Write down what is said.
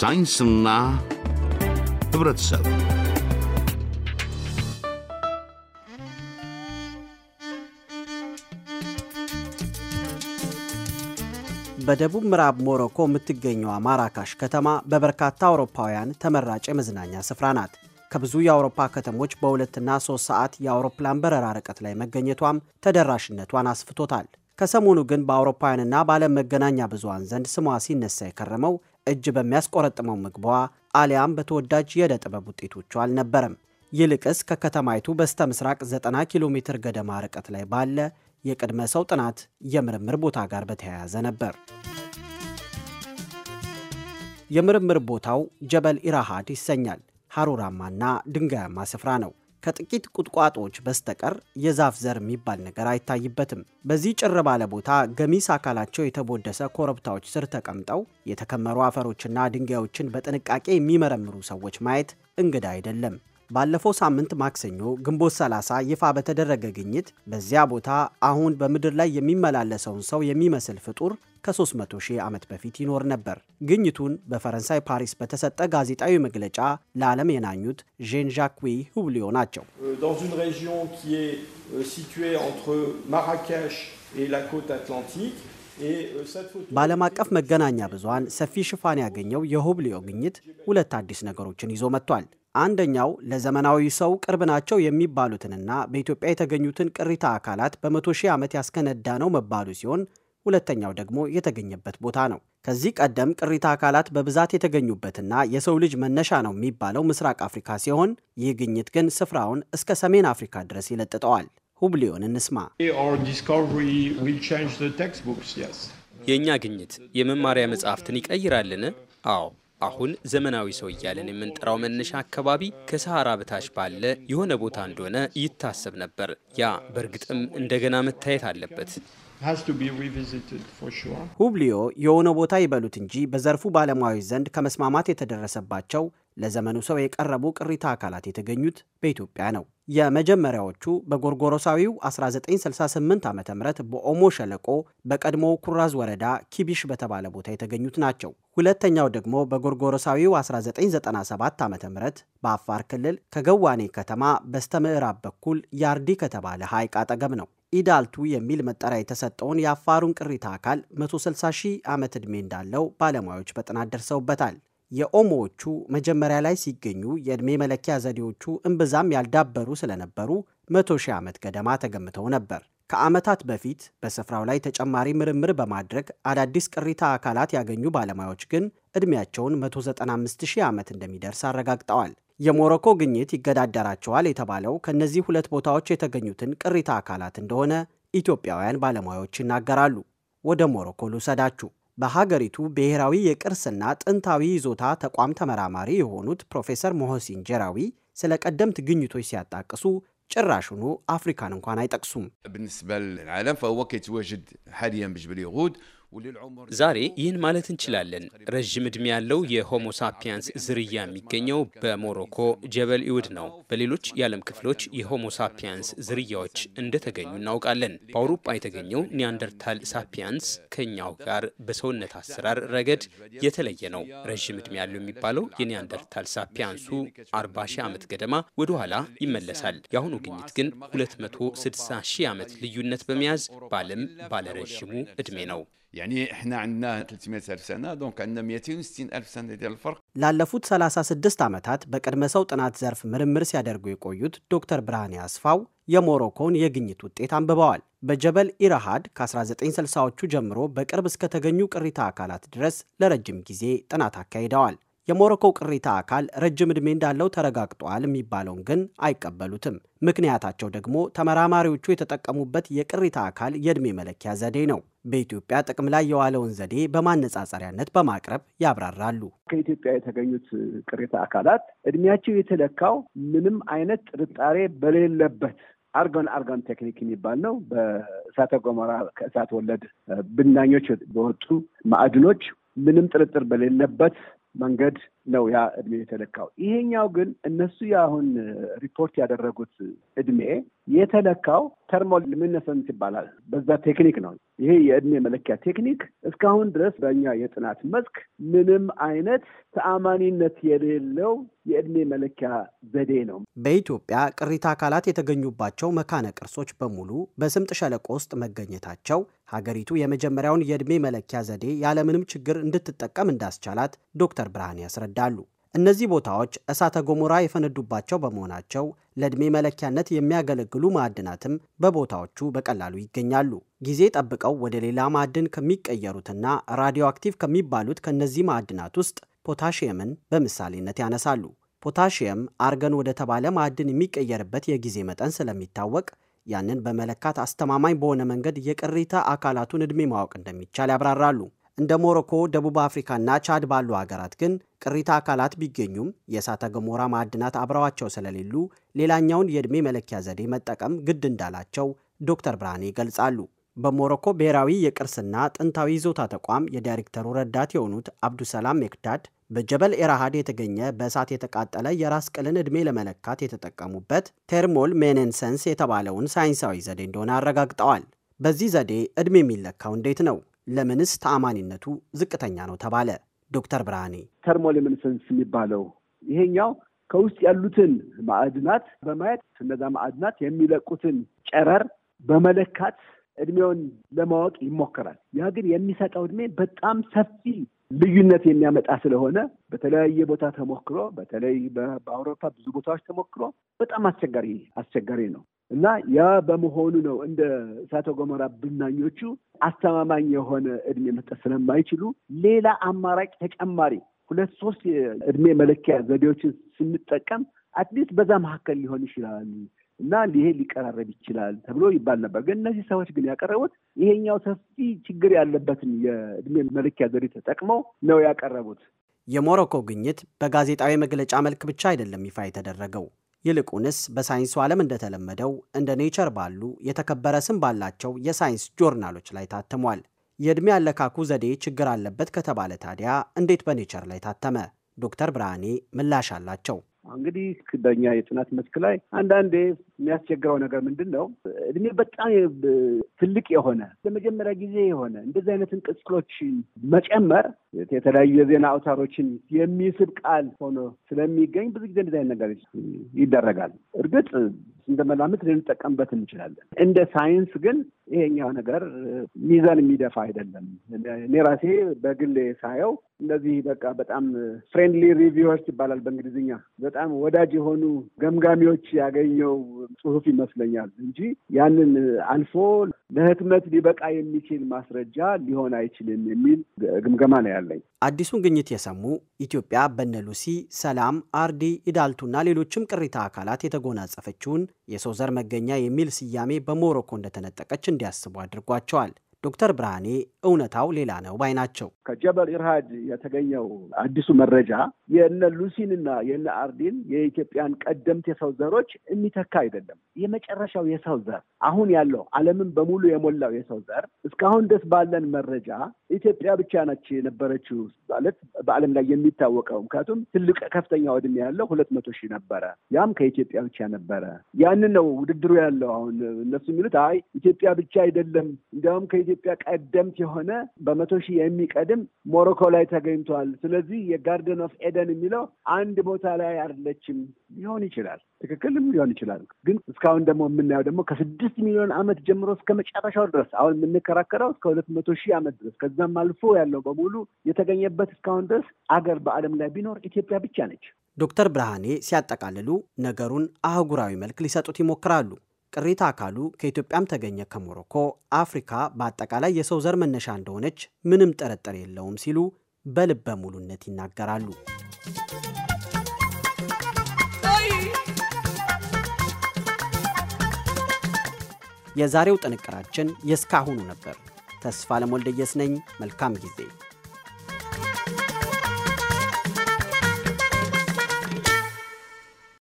ሳይንስና ህብረተሰብ በደቡብ ምዕራብ ሞሮኮ የምትገኘዋ ማራካሽ ከተማ በበርካታ አውሮፓውያን ተመራጭ የመዝናኛ ስፍራ ናት። ከብዙ የአውሮፓ ከተሞች በሁለትና ሶስት ሰዓት የአውሮፕላን በረራ ርቀት ላይ መገኘቷም ተደራሽነቷን አስፍቶታል። ከሰሞኑ ግን በአውሮፓውያንና በዓለም መገናኛ ብዙሃን ዘንድ ስሟ ሲነሳ የከረመው እጅ በሚያስቆረጥመው ምግቧ አሊያም በተወዳጅ የዕደ ጥበብ ውጤቶቿ አልነበረም። ይልቅስ ከከተማይቱ በስተ ምስራቅ 90 ኪሎ ሜትር ገደማ ርቀት ላይ ባለ የቅድመ ሰው ጥናት የምርምር ቦታ ጋር በተያያዘ ነበር። የምርምር ቦታው ጀበል ኢራሃድ ይሰኛል። ሐሩራማና ድንጋያማ ስፍራ ነው። ከጥቂት ቁጥቋጦዎች በስተቀር የዛፍ ዘር የሚባል ነገር አይታይበትም። በዚህ ጭር ባለ ቦታ ገሚስ አካላቸው የተቦደሰ ኮረብታዎች ስር ተቀምጠው የተከመሩ አፈሮችና ድንጋዮችን በጥንቃቄ የሚመረምሩ ሰዎች ማየት እንግዳ አይደለም። ባለፈው ሳምንት ማክሰኞ ግንቦት 30 ይፋ በተደረገ ግኝት በዚያ ቦታ አሁን በምድር ላይ የሚመላለሰውን ሰው የሚመስል ፍጡር ከ300 ሺህ ዓመት በፊት ይኖር ነበር። ግኝቱን በፈረንሳይ ፓሪስ በተሰጠ ጋዜጣዊ መግለጫ ለዓለም የናኙት ዤን ዣክ ሁብሊዮ ናቸው። euh, euh, በዓለም አቀፍ መገናኛ ብዙኃን ሰፊ ሽፋን ያገኘው የሁብሊዮ ግኝት ሁለት አዲስ ነገሮችን ይዞ መጥቷል። አንደኛው ለዘመናዊ ሰው ቅርብ ናቸው የሚባሉትንና በኢትዮጵያ የተገኙትን ቅሪታ አካላት በመቶ ሺህ ዓመት ያስከነዳ ነው መባሉ ሲሆን ሁለተኛው ደግሞ የተገኘበት ቦታ ነው። ከዚህ ቀደም ቅሪተ አካላት በብዛት የተገኙበትና የሰው ልጅ መነሻ ነው የሚባለው ምስራቅ አፍሪካ ሲሆን ይህ ግኝት ግን ስፍራውን እስከ ሰሜን አፍሪካ ድረስ ይለጥጠዋል። ሁብሊዮን እንስማ። የእኛ ግኝት የመማሪያ መጽሐፍትን ይቀይራልን? አዎ። አሁን ዘመናዊ ሰው እያለን የምንጠራው መነሻ አካባቢ ከሰሃራ በታች ባለ የሆነ ቦታ እንደሆነ ይታሰብ ነበር። ያ በእርግጥም እንደገና መታየት አለበት። ሁብሊዮ የሆነ ቦታ ይበሉት እንጂ በዘርፉ ባለሙያዎች ዘንድ ከመስማማት የተደረሰባቸው ለዘመኑ ሰው የቀረቡ ቅሪታ አካላት የተገኙት በኢትዮጵያ ነው። የመጀመሪያዎቹ በጎርጎሮሳዊው 1968 ዓ ም በኦሞ ሸለቆ በቀድሞ ኩራዝ ወረዳ ኪቢሽ በተባለ ቦታ የተገኙት ናቸው። ሁለተኛው ደግሞ በጎርጎሮሳዊው 1997 ዓ ም በአፋር ክልል ከገዋኔ ከተማ በስተ ምዕራብ በኩል ያርዲ ከተባለ ሐይቅ አጠገብ ነው። ኢዳልቱ የሚል መጠሪያ የተሰጠውን የአፋሩን ቅሪታ አካል 160 ሺህ ዓመት ዕድሜ እንዳለው ባለሙያዎች በጥናት ደርሰውበታል። የኦሞዎቹ መጀመሪያ ላይ ሲገኙ የዕድሜ መለኪያ ዘዴዎቹ እምብዛም ያልዳበሩ ስለነበሩ 100 ሺህ ዓመት ገደማ ተገምተው ነበር። ከዓመታት በፊት በስፍራው ላይ ተጨማሪ ምርምር በማድረግ አዳዲስ ቅሪታ አካላት ያገኙ ባለሙያዎች ግን ዕድሜያቸውን 195 ሺህ ዓመት እንደሚደርስ አረጋግጠዋል። የሞሮኮ ግኝት ይገዳደራቸዋል የተባለው ከእነዚህ ሁለት ቦታዎች የተገኙትን ቅሪታ አካላት እንደሆነ ኢትዮጵያውያን ባለሙያዎች ይናገራሉ። ወደ ሞሮኮ ልውሰዳችሁ። በሀገሪቱ ብሔራዊ የቅርስና ጥንታዊ ይዞታ ተቋም ተመራማሪ የሆኑት ፕሮፌሰር ሞሆሲን ጀራዊ ስለ ቀደምት ግኝቶች ሲያጣቅሱ ጭራሹኑ አፍሪካን እንኳን አይጠቅሱም። ዛሬ ይህን ማለት እንችላለን። ረዥም ዕድሜ ያለው የሆሞ ሳፒያንስ ዝርያ የሚገኘው በሞሮኮ ጀበል ኢውድ ነው። በሌሎች የዓለም ክፍሎች የሆሞሳፒያንስ ዝርያዎች እንደተገኙ እናውቃለን። በአውሮፓ የተገኘው ኒያንደርታል ሳፒያንስ ከኛው ጋር በሰውነት አሰራር ረገድ የተለየ ነው። ረዥም ዕድሜ ያለው የሚባለው የኒያንደርታል ሳፒያንሱ 40 ሺህ ዓመት ገደማ ወደ ኋላ ይመለሳል። የአሁኑ ግኝት ግን 260 ሺህ ዓመት ልዩነት በመያዝ በዓለም ባለረዥሙ ዕድሜ ነው። يعني احنا عندنا 300 ألف سنة دونك عندنا 260 ألف سنة ديال الفرق ላለፉት 36 ዓመታት በቅድመ ሰው ጥናት ዘርፍ ምርምር ሲያደርጉ የቆዩት ዶክተር ብርሃኔ አስፋው የሞሮኮን የግኝት ውጤት አንብበዋል። በጀበል ኢረሃድ ከ1960ዎቹ ጀምሮ በቅርብ እስከተገኙ ቅሪታ አካላት ድረስ ለረጅም ጊዜ ጥናት አካሂደዋል። የሞሮኮ ቅሪታ አካል ረጅም ዕድሜ እንዳለው ተረጋግጧል የሚባለውን ግን አይቀበሉትም። ምክንያታቸው ደግሞ ተመራማሪዎቹ የተጠቀሙበት የቅሪታ አካል የዕድሜ መለኪያ ዘዴ ነው። በኢትዮጵያ ጥቅም ላይ የዋለውን ዘዴ በማነጻጸሪያነት በማቅረብ ያብራራሉ። ከኢትዮጵያ የተገኙት ቅሪታ አካላት እድሜያቸው የተለካው ምንም አይነት ጥርጣሬ በሌለበት አርገን አርገን ቴክኒክ የሚባል ነው። በእሳተ ገሞራ ከእሳት ወለድ ብናኞች በወጡ ማዕድኖች ምንም ጥርጥር በሌለበት መንገድ ነው ያ እድሜ የተለካው። ይሄኛው ግን እነሱ አሁን ሪፖርት ያደረጉት እድሜ የተለካው ተርሞል ሉሚነሰንስ ይባላል። በዛ ቴክኒክ ነው። ይሄ የእድሜ መለኪያ ቴክኒክ እስካሁን ድረስ በእኛ የጥናት መስክ ምንም አይነት ተአማኒነት የሌለው የእድሜ መለኪያ ዘዴ ነው። በኢትዮጵያ ቅሪተ አካላት የተገኙባቸው መካነ ቅርሶች በሙሉ በስምጥ ሸለቆ ውስጥ መገኘታቸው ሀገሪቱ የመጀመሪያውን የዕድሜ መለኪያ ዘዴ ያለምንም ችግር እንድትጠቀም እንዳስቻላት ዶክተር ብርሃን ያስረዳሉ። እነዚህ ቦታዎች እሳተ ገሞራ የፈነዱባቸው በመሆናቸው ለዕድሜ መለኪያነት የሚያገለግሉ ማዕድናትም በቦታዎቹ በቀላሉ ይገኛሉ። ጊዜ ጠብቀው ወደ ሌላ ማዕድን ከሚቀየሩትና ራዲዮ አክቲቭ ከሚባሉት ከእነዚህ ማዕድናት ውስጥ ፖታሽየምን በምሳሌነት ያነሳሉ። ፖታሽየም አርገን ወደ ተባለ ማዕድን የሚቀየርበት የጊዜ መጠን ስለሚታወቅ ያንን በመለካት አስተማማኝ በሆነ መንገድ የቅሪተ አካላቱን ዕድሜ ማወቅ እንደሚቻል ያብራራሉ። እንደ ሞሮኮ፣ ደቡብ አፍሪካና ቻድ ባሉ ሀገራት ግን ቅሪተ አካላት ቢገኙም የእሳተ ገሞራ ማዕድናት አብረዋቸው ስለሌሉ ሌላኛውን የዕድሜ መለኪያ ዘዴ መጠቀም ግድ እንዳላቸው ዶክተር ብርሃኔ ይገልጻሉ። በሞሮኮ ብሔራዊ የቅርስና ጥንታዊ ይዞታ ተቋም የዳይሬክተሩ ረዳት የሆኑት አብዱሰላም ሜክዳድ በጀበል ኤራሃድ የተገኘ በእሳት የተቃጠለ የራስ ቅልን ዕድሜ ለመለካት የተጠቀሙበት ቴርሞል ሜኔንሰንስ የተባለውን ሳይንሳዊ ዘዴ እንደሆነ አረጋግጠዋል። በዚህ ዘዴ ዕድሜ የሚለካው እንዴት ነው? ለምንስ ተአማኒነቱ ዝቅተኛ ነው ተባለ? ዶክተር ብርሃኔ ቴርሞል ሜኔንሰንስ የሚባለው ይሄኛው ከውስጥ ያሉትን ማዕድናት በማየት እነዛ ማዕድናት የሚለቁትን ጨረር በመለካት እድሜውን ለማወቅ ይሞከራል። ያ ግን የሚሰጠው እድሜ በጣም ሰፊ ልዩነት የሚያመጣ ስለሆነ በተለያየ ቦታ ተሞክሮ በተለይ በአውሮፓ ብዙ ቦታዎች ተሞክሮ በጣም አስቸጋሪ አስቸጋሪ ነው እና ያ በመሆኑ ነው እንደ እሳተ ገሞራ ብናኞቹ አስተማማኝ የሆነ እድሜ መስጠት ስለማይችሉ ሌላ አማራጭ ተጨማሪ ሁለት ሶስት የእድሜ መለኪያ ዘዴዎችን ስንጠቀም አትሊስት በዛ መካከል ሊሆን ይችላል እና እንዲህ ይሄ ሊቀራረብ ይችላል ተብሎ ይባል ነበር። ግን እነዚህ ሰዎች ግን ያቀረቡት ይሄኛው ሰፊ ችግር ያለበትን የእድሜ መለኪያ ዘዴ ተጠቅመው ነው ያቀረቡት። የሞሮኮ ግኝት በጋዜጣዊ መግለጫ መልክ ብቻ አይደለም ይፋ የተደረገው። ይልቁንስ በሳይንሱ ዓለም እንደተለመደው እንደ ኔቸር ባሉ የተከበረ ስም ባላቸው የሳይንስ ጆርናሎች ላይ ታትሟል። የዕድሜ አለካኩ ዘዴ ችግር አለበት ከተባለ ታዲያ እንዴት በኔቸር ላይ ታተመ? ዶክተር ብርሃኔ ምላሽ አላቸው። እንግዲህ በእኛ የጥናት መስክ ላይ አንዳንዴ የሚያስቸግረው ነገር ምንድን ነው? እድሜ በጣም ትልቅ የሆነ ለመጀመሪያ ጊዜ የሆነ እንደዚህ አይነትን ቅጽሎች መጨመር የተለያዩ የዜና አውታሮችን የሚስብ ቃል ሆኖ ስለሚገኝ ብዙ ጊዜ እንደዚህ አይነት ነገር ይደረጋል። እርግጥ እንደ መላምት ልንጠቀምበት እንችላለን። እንደ ሳይንስ ግን ይሄኛው ነገር ሚዛን የሚደፋ አይደለም። እኔ ራሴ በግል ሳየው እንደዚህ በቃ በጣም ፍሬንድሊ ሪቪዎች ይባላል በእንግሊዝኛ። በጣም ወዳጅ የሆኑ ገምጋሚዎች ያገኘው ጽሑፍ ይመስለኛል እንጂ ያንን አልፎ ለህትመት ሊበቃ የሚችል ማስረጃ ሊሆን አይችልም የሚል ግምገማ ነው ያለኝ። አዲሱን ግኝት የሰሙ ኢትዮጵያ በነሉሲ ሰላም፣ አርዲ፣ ኢዳልቱና ሌሎችም ቅሪታ አካላት የተጎናጸፈችውን የሰው ዘር መገኛ የሚል ስያሜ በሞሮኮ እንደተነጠቀች እንዲያስቡ አድርጓቸዋል። ዶክተር ብርሃኔ እውነታው ሌላ ነው ባይ ናቸው። ከጀበል ኢርሃድ የተገኘው አዲሱ መረጃ የነ ሉሲንና የነ አርዲን የኢትዮጵያን ቀደምት የሰው ዘሮች የሚተካ አይደለም። የመጨረሻው የሰው ዘር አሁን ያለው ዓለምን በሙሉ የሞላው የሰው ዘር እስካሁን ደስ ባለን መረጃ ኢትዮጵያ ብቻ ነች የነበረችው ማለት በዓለም ላይ የሚታወቀው ምክንያቱም ትልቅ ከፍተኛ ወድሜ ያለው ሁለት መቶ ሺህ ነበረ። ያም ከኢትዮጵያ ብቻ ነበረ። ያንን ነው ውድድሩ ያለው አሁን እነሱ የሚሉት አይ ኢትዮጵያ ብቻ አይደለም እንዲያውም ከኢትዮጵያ ቀደምት የሆነ በመቶ ሺህ የሚቀድም ሞሮኮ ላይ ተገኝቷል። ስለዚህ የጋርደን ኦፍ ኤደን የሚለው አንድ ቦታ ላይ አይደለችም። ሊሆን ይችላል፣ ትክክልም ሊሆን ይችላል። ግን እስካሁን ደግሞ የምናየው ደግሞ ከስድስት ሚሊዮን ዓመት ጀምሮ እስከ መጨረሻው ድረስ አሁን የምንከራከረው እስከ ሁለት መቶ ሺህ ዓመት ድረስ ከዛም አልፎ ያለው በሙሉ የተገኘበት እስካሁን ድረስ አገር በዓለም ላይ ቢኖር ኢትዮጵያ ብቻ ነች። ዶክተር ብርሃኔ ሲያጠቃልሉ ነገሩን አህጉራዊ መልክ ሊሰጡት ይሞክራሉ። ቅሪታ አካሉ ከኢትዮጵያም ተገኘ ከሞሮኮ አፍሪካ በአጠቃላይ የሰው ዘር መነሻ እንደሆነች ምንም ጥርጥር የለውም ሲሉ በልበ ሙሉነት ይናገራሉ። የዛሬው ጥንቅራችን የእስካሁኑ ነበር። ተስፋ ለሞልደየስ ነኝ። መልካም ጊዜ